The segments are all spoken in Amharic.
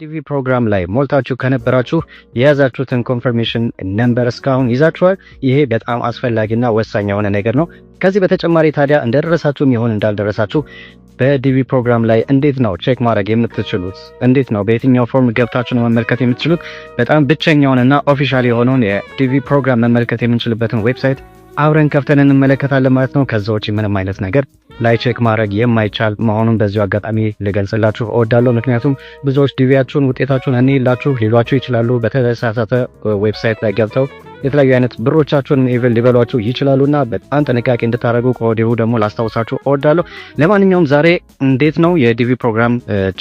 ዲቪ ፕሮግራም ላይ ሞልታችሁ ከነበራችሁ የያዛችሁትን ኮንፈርሜሽን ነንበር እስካሁን ይዛችኋል። ይሄ በጣም አስፈላጊና ወሳኝ የሆነ ነገር ነው። ከዚህ በተጨማሪ ታዲያ እንደደረሳችሁም ይሆን እንዳልደረሳችሁ በዲቪ ፕሮግራም ላይ እንዴት ነው ቼክ ማድረግ የምትችሉት? እንዴት ነው በየትኛው ፎርም ገብታችሁ ነው መመልከት የምትችሉት? በጣም ብቸኛውንና ኦፊሻል የሆነውን የዲቪ ፕሮግራም መመልከት የምንችልበትን ዌብሳይት አብረን ከፍተን እንመለከታለን ማለት ነው። ከዛ ውጪ ምንም አይነት ነገር ላይ ቼክ ማድረግ የማይቻል መሆኑን በዚሁ አጋጣሚ ልገልጽላችሁ እወዳለሁ። ምክንያቱም ብዙዎች ዲቪያችሁን ውጤታችሁን እኔ ላችሁ ሊሏችሁ ይችላሉ። በተሳሳተ ዌብሳይት ላይ ገብተው የተለያዩ አይነት ብሮቻችሁን ኢቨን ሊበሏችሁ ይችላሉና በጣም ጥንቃቄ እንድታደረጉ ከወዲሁ ደግሞ ላስታውሳችሁ እወዳለሁ። ለማንኛውም ዛሬ እንዴት ነው የዲቪ ፕሮግራም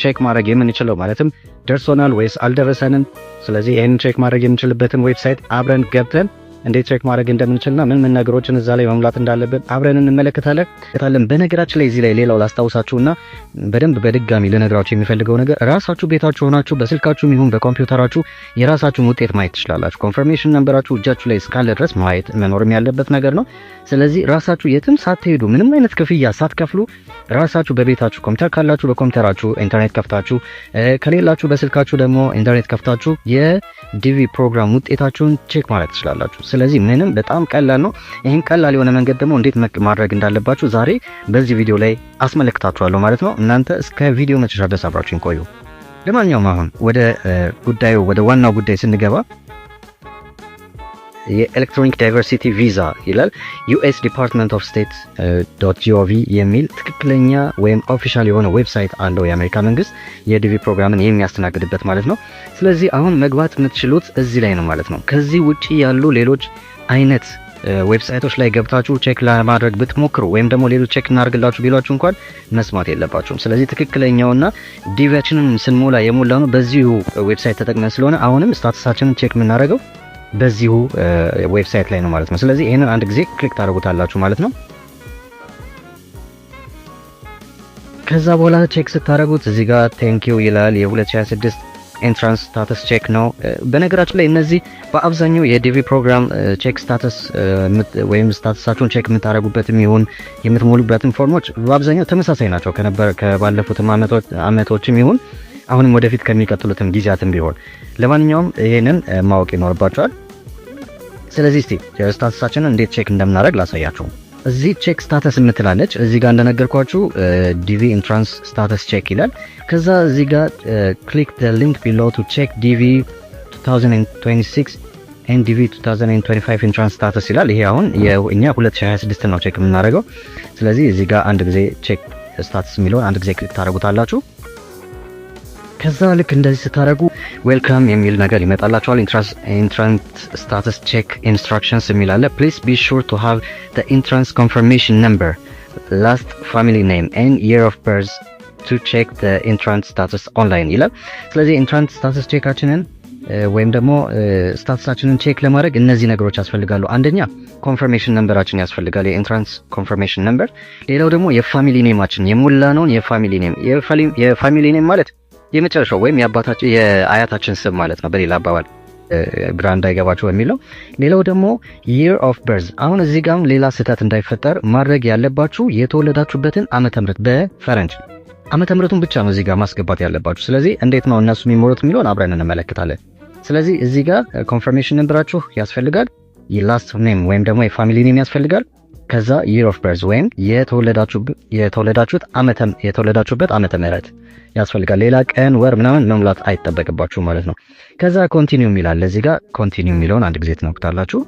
ቼክ ማድረግ የምንችለው ማለትም ደርሶናል ወይስ አልደረሰንም? ስለዚህ ይህንን ቼክ ማድረግ የምንችልበትን ዌብሳይት አብረን ገብተን እንዴት ቼክ ማድረግ እንደምንችልና ምን ምን ነገሮችን እዛ ላይ መሙላት እንዳለብን አብረን እንመለከታለን። በነገራችን ላይ እዚህ ላይ ሌላው ላስታውሳችሁና በደንብ በድጋሚ ልነግራችሁ የሚፈልገው ነገር ራሳችሁ ቤታችሁ ሆናችሁ በስልካችሁ ይሁን በኮምፒውተራችሁ የራሳችሁን ውጤት ማየት ትችላላችሁ። ኮንፈርሜሽን ነምበራችሁ እጃችሁ ላይ እስካለ ድረስ ማየት መኖርም ያለበት ነገር ነው። ስለዚህ ራሳችሁ የትም ሳትሄዱ ምንም አይነት ክፍያ ሳትከፍሉ ራሳችሁ በቤታችሁ ኮምፒውተር ካላችሁ በኮምፒውተራችሁ ኢንተርኔት ከፍታችሁ ከሌላችሁ በስልካችሁ ደግሞ ኢንተርኔት ከፍታችሁ የዲቪ ፕሮግራም ውጤታችሁን ቼክ ማድረግ ትችላላችሁ። ስለዚህ ምንም በጣም ቀላል ነው። ይህን ቀላል የሆነ መንገድ ደግሞ እንዴት ማድረግ እንዳለባችሁ ዛሬ በዚህ ቪዲዮ ላይ አስመለክታችኋለሁ ማለት ነው። እናንተ እስከ ቪዲዮ መጨረሻ ድረስ አብራችሁን ቆዩ። ለማንኛውም አሁን ወደ ጉዳዩ ወደ ዋናው ጉዳይ ስንገባ የኤሌክትሮኒክ ዳይቨርሲቲ ቪዛ ይላል። ዩኤስ ዲፓርትመንት ኦፍ ስቴት ዶት ጂኦቪ የሚል ትክክለኛ ወይም ኦፊሻል የሆነ ዌብሳይት አለው የአሜሪካ መንግስት የዲቪ ፕሮግራምን የሚያስተናግድበት ማለት ነው። ስለዚህ አሁን መግባት የምትችሉት እዚህ ላይ ነው ማለት ነው። ከዚህ ውጭ ያሉ ሌሎች አይነት ዌብሳይቶች ላይ ገብታችሁ ቼክ ለማድረግ ብትሞክሩ ወይም ደግሞ ሌሎች ቼክ እናደርግላችሁ ቢሏችሁ እንኳን መስማት የለባችሁም። ስለዚህ ትክክለኛውና ዲቪያችንን ስንሞላ የሞላ ነው በዚሁ ዌብሳይት ተጠቅመን ስለሆነ አሁንም ስታተሳችንን ቼክ የምናደርገው በዚሁ ዌብሳይት ላይ ነው ማለት ነው። ስለዚህ ይህንን አንድ ጊዜ ክሊክ ታደርጉታላችሁ ማለት ነው። ከዛ በኋላ ቼክ ስታደርጉት እዚህ ጋር ቴንኪው ይላል የ2026 ኤንትራንስ ስታተስ ቼክ ነው። በነገራችን ላይ እነዚህ በአብዛኛው የዲቪ ፕሮግራም ቼክ ስታተስ ወይም ስታተሳችሁን ቼክ የምታደርጉበትም ይሁን የምትሞሉበትም ፎርሞች በአብዛኛው ተመሳሳይ ናቸው ከነበረ ከባለፉትም አመቶችም ይሁን አሁንም ወደፊት ከሚቀጥሉትም ጊዜያትም ቢሆን ለማንኛውም ይህንን ማወቅ ይኖርባቸዋል። ስለዚህ እስቲ ስታተሳችንን እንዴት ቼክ እንደምናደርግ ላሳያችሁ። እዚህ ቼክ ስታተስ የምትላለች እዚህ ጋር እንደነገርኳችሁ ዲቪ ኢንትራንስ ስታተስ ቼክ ይላል። ከዛ እዚህ ጋር ክሊክ ደ ሊንክ ቢሎ ቱ ቼክ ዲቪ 2026 ኤንድ ዲቪ 2025 ኢንትራንስ ስታተስ ይላል። ይሄ አሁን እኛ 2026 ነው ቼክ የምናደርገው። ስለዚህ እዚህ ጋር አንድ ጊዜ ቼክ ስታተስ የሚለውን አንድ ጊዜ ክሊክ ታደርጉታላችሁ። ከዛ ልክ እንደዚህ ስታደረጉ ዌልካም የሚል ነገር ይመጣላቸዋል ኢንትራንት ስታተስ ቼክ ኢንስትራክሽንስ የሚል አለ። ፕሊስ ቢ ሹር ቱ ሃቭ ኢንትራንስ ኮንፈርሜሽን ነምበር ላስት ፋሚሊ ኔም ኤን የር ኦፍ በርዝ ቱ ቼክ ኢንትራንት ስታተስ ኦንላይን ይላል። ስለዚህ ኢንትራንት ስታተስ ቼካችንን ወይም ደግሞ ስታተሳችንን ቼክ ለማድረግ እነዚህ ነገሮች ያስፈልጋሉ። አንደኛ ኮንፈርሜሽን ነንበራችን ያስፈልጋል፣ የኢንትራንስ ኮንፈርሜሽን ነንበር ሌላው ደግሞ የፋሚሊ ኔማችን የሞላ ነውን የፋሚሊ ኔም የፋሚሊ ኔም ማለት የመጨረሻው ወይም የአባታችን የአያታችን ስም ማለት ነው በሌላ አባባል ግራ እንዳይገባቸው በሚለው ሌላው ደግሞ ር ኦፍ በርዝ አሁን እዚህ ጋም ሌላ ስህተት እንዳይፈጠር ማድረግ ያለባችሁ የተወለዳችሁበትን ዓመተ ምሕረት በፈረንጅ ዓመተ ምሕረቱን ብቻ ነው እዚህ ጋር ማስገባት ያለባችሁ። ስለዚህ እንዴት ነው እነሱ የሚሞሉት የሚለውን አብረን እንመለከታለን። ስለዚህ እዚህ ጋር ኮንፈርሜሽን ንብራችሁ ያስፈልጋል። የላስት ኔም ወይም ደግሞ የፋሚሊ ኔም ያስፈልጋል። ከዛ ይር ኦፍ በርዝ ወይም የተወለዳችሁት የተወለዳችሁበት ዓመተ ምህረት ያስፈልጋል። ሌላ ቀን፣ ወር ምናምን መሙላት አይጠበቅባችሁ ማለት ነው። ከዛ ኮንቲኒው ይላል። ለዚህ ጋር ኮንቲኒው የሚለውን አንድ ጊዜ ትነኩታላችሁ።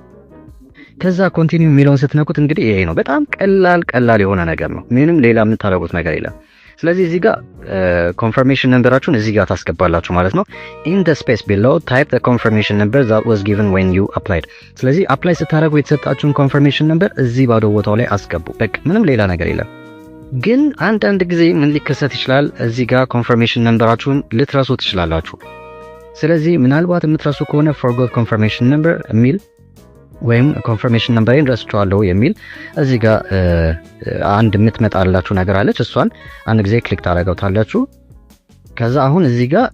ከዛ ኮንቲኒው የሚለውን ስትነኩት እንግዲህ ይሄ ነው። በጣም ቀላል ቀላል የሆነ ነገር ነው። ምንም ሌላ የምታደርጉት ነገር የለም። ስለዚህ እዚህ ጋር ኮንፈርሜሽን ነምበራችሁን እዚህ ጋር ታስገባላችሁ ማለት ነው። ኢን ዘ ስፔስ ቢሎ ታይፕ ዘ ኮንፈርሜሽን ነምበር ዛት ዋዝ ጊቨን ዌን ዩ አፕላይድ። ስለዚህ አፕላይ ስታደርጉ የተሰጣችሁን ኮንፈርሜሽን ነምበር እዚህ ባዶ ቦታው ላይ አስገቡ። በቃ ምንም ሌላ ነገር የለም። ግን አንዳንድ ጊዜ ምን ሊከሰት ይችላል? እዚህ ጋር ኮንፈርሜሽን ነምበራችሁን ልትረሱ ትችላላችሁ። ስለዚህ ምናልባት የምትረሱ ከሆነ ፎርጎት ኮንፈርሜሽን ነምበር የሚል ወይም ኮንፈርሜሽን ነምበሬን ረስቸዋለሁ የሚል እዚህ ጋር አንድ የምትመጣላችሁ ነገር አለች። እሷን አንድ ጊዜ ክሊክ ታደረገውታላችሁ። ከዛ አሁን እዚህ ጋር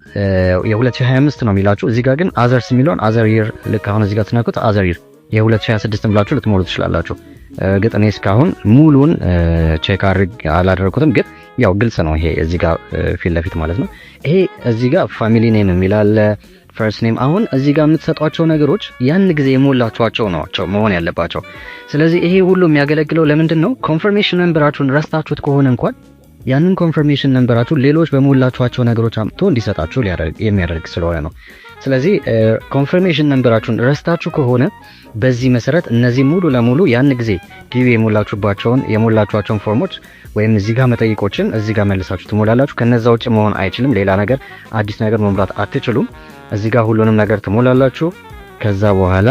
የ2025 ነው የሚላችሁ። እዚህ ጋር ግን አዘርስ የሚለውን አዘር ይር ልክ አሁን እዚህ ጋር ትነኩት አዘር ይር የ2026 ብላችሁ ልትሞሉ ትችላላችሁ። እርግጥ እኔ እስካሁን ሙሉን ቼክ አድርግ አላደረግኩትም። ግን ያው ግልጽ ነው ይሄ እዚህ ጋር ፊት ለፊት ማለት ነው። ይሄ እዚህ ጋር ፋሚሊ ኔም የሚላለ ፈርስት ኔም አሁን እዚህ ጋር የምትሰጧቸው ነገሮች ያን ጊዜ የሞላችኋቸው ናቸው መሆን ያለባቸው። ስለዚህ ይሄ ሁሉ የሚያገለግለው ለምንድን ነው? ኮንፈርሜሽን መንበራችሁን ረስታችሁት ከሆነ እንኳን ያንን ኮንፈርሜሽን ነንበራችሁን ሌሎች በሞላችኋቸው ነገሮች አምጥቶ እንዲሰጣችሁ የሚያደርግ ስለሆነ ነው። ስለዚህ ኮንፈርሜሽን መንበራችሁን ረስታችሁ ከሆነ በዚህ መሰረት እነዚህ ሙሉ ለሙሉ ያን ጊዜ ጊቢ የሞላችሁባቸውን የሞላችኋቸውን ፎርሞች ወይም እዚህ ጋር መጠይቆችን እዚህ ጋር መልሳችሁ ትሞላላችሁ። ከነዛ ውጭ መሆን አይችልም። ሌላ ነገር አዲስ ነገር መሙላት አትችሉም። እዚህ ጋር ሁሉንም ነገር ትሞላላችሁ። ከዛ በኋላ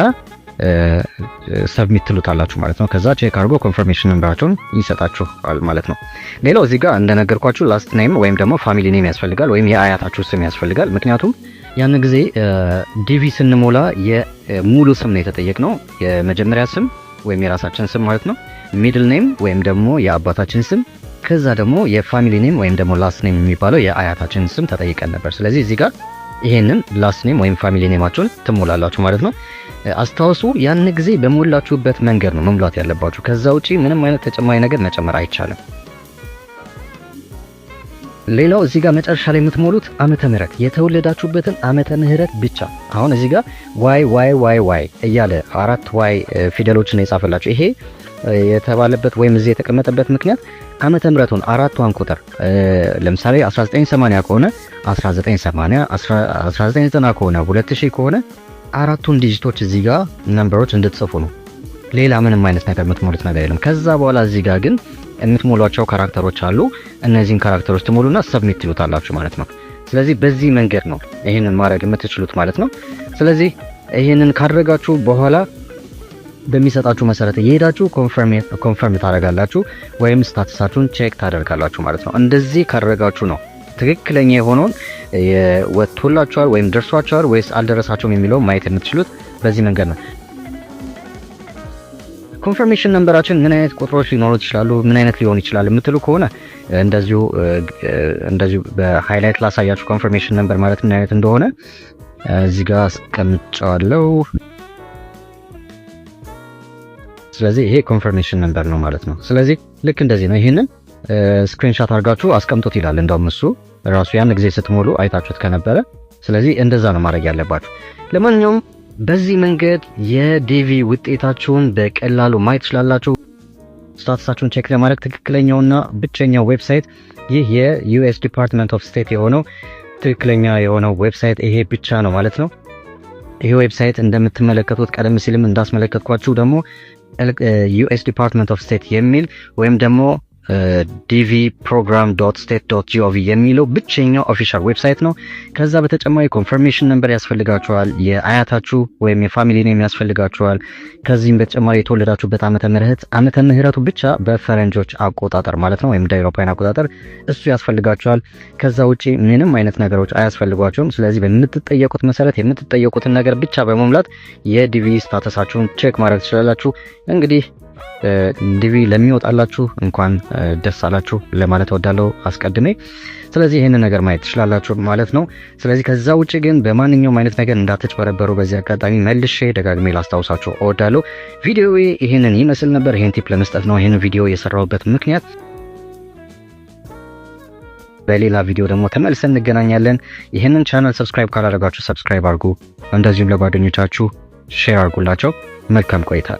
ሰብሚት ትሉታላችሁ ማለት ነው። ከዛ ቼክ አድርጎ ኮንፈርሜሽን እንዳችሁን ይሰጣችኋል ማለት ነው። ሌላው እዚህ ጋር እንደነገርኳችሁ ላስት ኔም ወይም ደግሞ ፋሚሊ ኔም ያስፈልጋል ወይም የአያታችሁ ስም ያስፈልጋል። ምክንያቱም ያን ጊዜ ዲቪ ስንሞላ የሙሉ ስም ነው የተጠየቅነው፣ የመጀመሪያ ስም ወይም የራሳችን ስም ማለት ነው። ሚድል ኔም ወይም ደግሞ የአባታችን ስም ከዛ ደግሞ የፋሚሊ ኔም ወይም ደግሞ ላስት ኔም የሚባለው የአያታችን ስም ተጠይቀን ነበር። ስለዚህ እዚህ ጋር ይሄንን ላስት ኔም ወይም ፋሚሊ ኔማችሁን ትሞላላችሁ ማለት ነው። አስታውሱ ያን ጊዜ በሞላችሁበት መንገድ ነው መሙላት ያለባችሁ። ከዛ ውጪ ምንም አይነት ተጨማሪ ነገር መጨመር አይቻልም። ሌላው እዚህ ጋር መጨረሻ ላይ የምትሞሉት ዓመተ ምህረት የተወለዳችሁበትን ዓመተ ምህረት ብቻ። አሁን እዚህ ጋር ዋይ ዋይ ዋይ ዋይ እያለ አራት ዋይ ፊደሎችን የጻፈላችሁ ይሄ የተባለበት ወይም እዚህ የተቀመጠበት ምክንያት ዓመተ ምህረቱን አራቷን ቁጥር ለምሳሌ 1980 ከሆነ 1980 1990 ከሆነ 2000 ከሆነ አራቱን ዲጂቶች እዚህ ጋር ነምበሮች እንድትጽፉ ነው። ሌላ ምንም አይነት ነገር የምትሞሉት ነገር የለም። ከዛ በኋላ እዚህ ጋር ግን የምትሞሏቸው ካራክተሮች አሉ። እነዚህን ካራክተሮች ትሞሉና ሰብሚት ትሉታላችሁ ማለት ነው። ስለዚህ በዚህ መንገድ ነው ይህንን ማድረግ የምትችሉት ማለት ነው። ስለዚህ ይህንን ካደረጋችሁ በኋላ በሚሰጣችሁ መሰረት እየሄዳችሁ ኮንፈርም ታደርጋላችሁ ወይም ስታትሳችሁን ቼክ ታደርጋላችሁ ማለት ነው። እንደዚህ ካደረጋችሁ ነው ትክክለኛ የሆነውን ወጥቶላችኋል ወይም ደርሷችኋል ወይስ አልደረሳችሁም የሚለው ማየት የምትችሉት በዚህ መንገድ ነው። ኮንፈርሜሽን ነንበራችን ምን አይነት ቁጥሮች ሊኖሩት ይችላሉ፣ ምን አይነት ሊሆን ይችላል የምትሉ ከሆነ እንደዚሁ እንደዚሁ በሃይላይት ላሳያችሁ። ኮንፈርሜሽን ነንበር ማለት ምን አይነት እንደሆነ እዚህ ጋር አስቀምጫዋለሁ። ስለዚህ ይሄ ኮንፈርሜሽን ነምበር ነው ማለት ነው። ስለዚህ ልክ እንደዚህ ነው። ይህንን ስክሪንሻት አድርጋችሁ አስቀምጡት ይላል። እንደውም እሱ ራሱ ያን ጊዜ ስትሞሉ አይታችሁት ከነበረ ስለዚህ እንደዛ ነው ማድረግ ያለባችሁ። ለማንኛውም በዚህ መንገድ የዲቪ ውጤታችሁን በቀላሉ ማየት ትችላላችሁ። ስታትሳችሁን ቼክ ለማድረግ ትክክለኛውና ብቸኛው ዌብሳይት ይህ የዩኤስ ዲፓርትመንት ኦፍ ስቴት የሆነው ትክክለኛ የሆነው ዌብሳይት ይሄ ብቻ ነው ማለት ነው። ይሄ ዌብሳይት እንደምትመለከቱት ቀደም ሲልም እንዳስመለከትኳችሁ ደግሞ ዩኤስ ዲፓርትመንት ኦፍ ስቴት የሚል ወይም ደግሞ ዲቪ ፕሮግራም ዶት ስቴት ዶት ጂኦቪ የሚለው ብቸኛው ኦፊሻል ዌብሳይት ነው። ከዛ በተጨማሪ ኮንፈርሜሽን ነምበር ያስፈልጋችኋል፣ የአያታችሁ ወይም የፋሚሊ ኔም ያስፈልጋችኋል። ከዚህም በተጨማሪ የተወለዳችሁበት ዓመተ ምህረት ዓመተ ምህረቱ ብቻ በፈረንጆች አቆጣጠር ማለት ነው ወይም እንደ አውሮፓውያን አቆጣጠር እሱ ያስፈልጋችኋል። ከዛ ውጪ ምንም አይነት ነገሮች አያስፈልጓችሁም። ስለዚህ በምትጠየቁት መሰረት የምትጠየቁትን ነገር ብቻ በመሙላት የዲቪ ስታተሳችሁን ቼክ ማድረግ ትችላላችሁ እንግዲህ ዲቪ ለሚወጣላችሁ እንኳን ደስ አላችሁ ለማለት እወዳለሁ አስቀድሜ። ስለዚህ ይህንን ነገር ማየት ትችላላችሁ ማለት ነው። ስለዚህ ከዛ ውጭ ግን በማንኛውም አይነት ነገር እንዳትጭበረበሩ በዚህ አጋጣሚ መልሼ ደጋግሜ ላስታውሳችሁ እወዳለሁ። ቪዲዮ ይህንን ይመስል ነበር። ይህን ቲፕ ለመስጠት ነው ይህን ቪዲዮ የሰራሁበት ምክንያት። በሌላ ቪዲዮ ደግሞ ተመልሰን እንገናኛለን። ይህንን ቻናል ሰብስክራይብ ካላደረጋችሁ ሰብስክራይብ አድርጉ። እንደዚሁም ለጓደኞቻችሁ ሼር አድርጉላቸው። መልካም ቆይታ